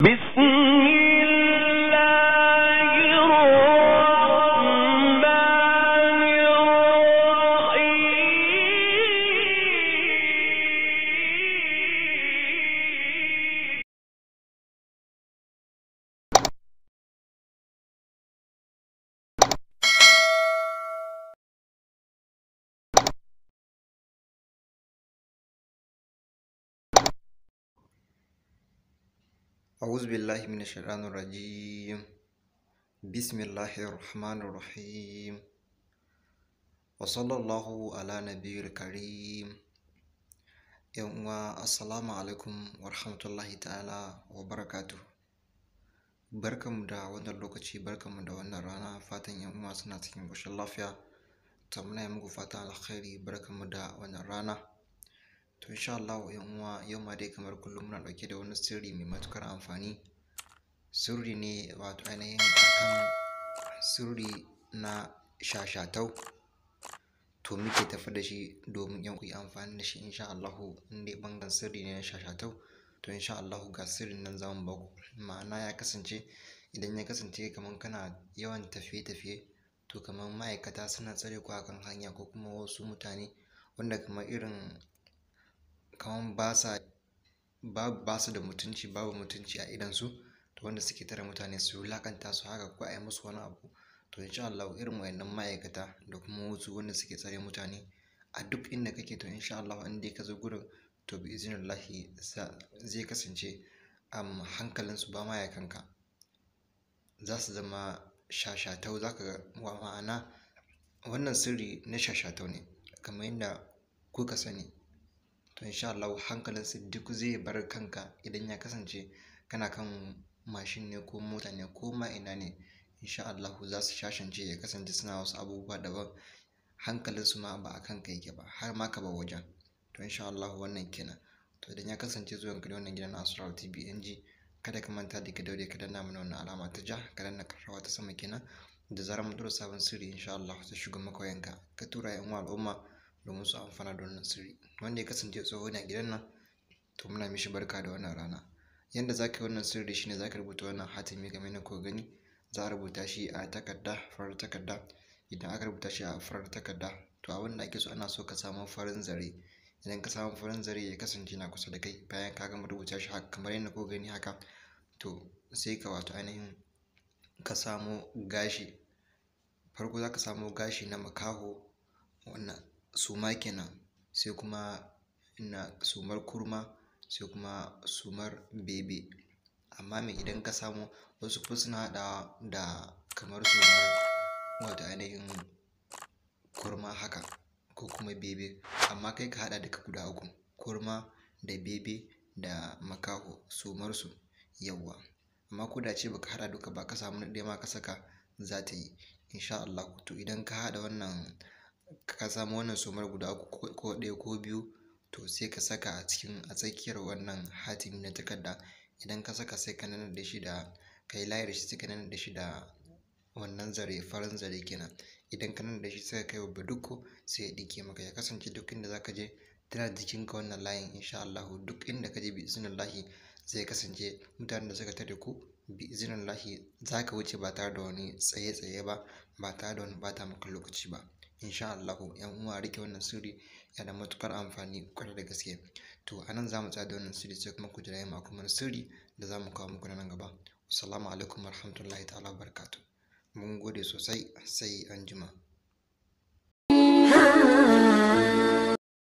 Miss أعوذ بالله من الشيطان الرجيم بسم الله الرحمن الرحيم وصلى الله على نبي الكريم يوم السلام عليكم ورحمة الله تعالى وبركاته da wannan lokaci barkanmu da wannan rana fatan yan uwa suna cikin ƙoshin lafiya ta muna yi muku fatan alkhairi mu da wannan rana To insha Allah ‘yan uwa yau ma dai kamar kullum muna ɗauke da wani sirri mai matukar amfani. Sirri ne wato ainihin akan sirri na shashatau. To muke tafi da shi domin ‘yan kuyi amfani da shi insha Allah in dai sirri ne na shashatau. To insha Allah ga sirrin nan zamu ba ku. Ma'ana ya kasance idan ya kasance kamar kana yawan tafiye-tafiye to kamar ma'aikata suna tsare ku a hanya ko kuma wasu mutane wanda kamar irin kaman ba su da mutunci babu mutunci a idansu ta wanda suke tare mutane su lakanta su haka ko a yi musu wani abu to insha Allah irin wayannan ma'aikata da kuma wasu wanda suke tsare mutane a duk inda kake to insha Allah in dai ka zo gurin to bi iznillahi zai kasance a hankalinsu ba ma za su zama shashatau za ka ga wa ma'ana wannan sirri na shashatau ne kamar yadda ka sani to insha Allah hankalinsu duk zai bar kanka idan ya kasance kana kan mashin ne ko mota ne ko ma ina ne insha Allah za su shashance ya kasance suna wasu abubuwa daban hankalinsu ma ba a kanka yake ba har ma ka ba wajen to insha Allah wannan kenan to idan ya kasance zuwan ka wannan gidan Asrar TBNG kada ka manta da ka daure ka danna mana wannan alama ta ja ka danna karrawa ta sama kenan da zarar mun sabon sirri insha Allah ta shiga maka ka tura yan al'umma domin su amfana da wannan sirri wanda ya kasance tsoho ne a gidan nan to muna mishi barka da wannan rana yanda za ka yi wannan sirri shine za ka rubuta wannan hatimi game na kogani gani za a rubuta shi a takarda farar takarda idan aka rubuta shi a farar takarda to abin da ake so ana so ka samu farin zare idan ka samu farin zare ya kasance na kusa da kai bayan ka gama rubuta shi haka kamar yadda ko gani haka to sai ka wato ainihin ka samo gashi farko za ka samo gashi na makaho wannan suma kenan sai kuma na sumar kurma sai kuma sumar bebe amma me idan ka samu wasu kuma suna da da kamar sumar wato ainihin kurma haka ko kuma bebe amma kai ka haɗa duka guda uku kurma da bebe da makaho sumar sumarsu yawwa amma ko da ce baka haɗa duka ba ka samu na ɗaya ma ka saka za ta yi insha Allah to idan ka hada wannan ka samu wannan sumar guda uku ko ɗaya ko biyu to sai ka saka a cikin a tsakiyar wannan hatimi na takarda idan ka saka sai ka da shi da ka yi layar shi sai ka da shi da wannan zare farin zare kenan idan ka da shi sai ka kai wa duk sai ya ɗike maka ya kasance duk inda za ka je tana jikinka wannan layin insha Allahu duk inda ka je bi lahi zai kasance mutanen da suka tare ku bi lahi za ka wuce ba tare da wani tsaye-tsaye ba ba tare da wani bata maka lokaci ba insha Allah yan uwa rike wannan sirri ya da matuƙar amfani ƙwarai da gaske to a nan za mu tsaya da wannan sirri sai kuma ku jira mu kuma wani sirri da za mu kawo muku nan gaba assalamu alaikum warahmatullahi ta'ala barakatuh mun gode sosai sai anjima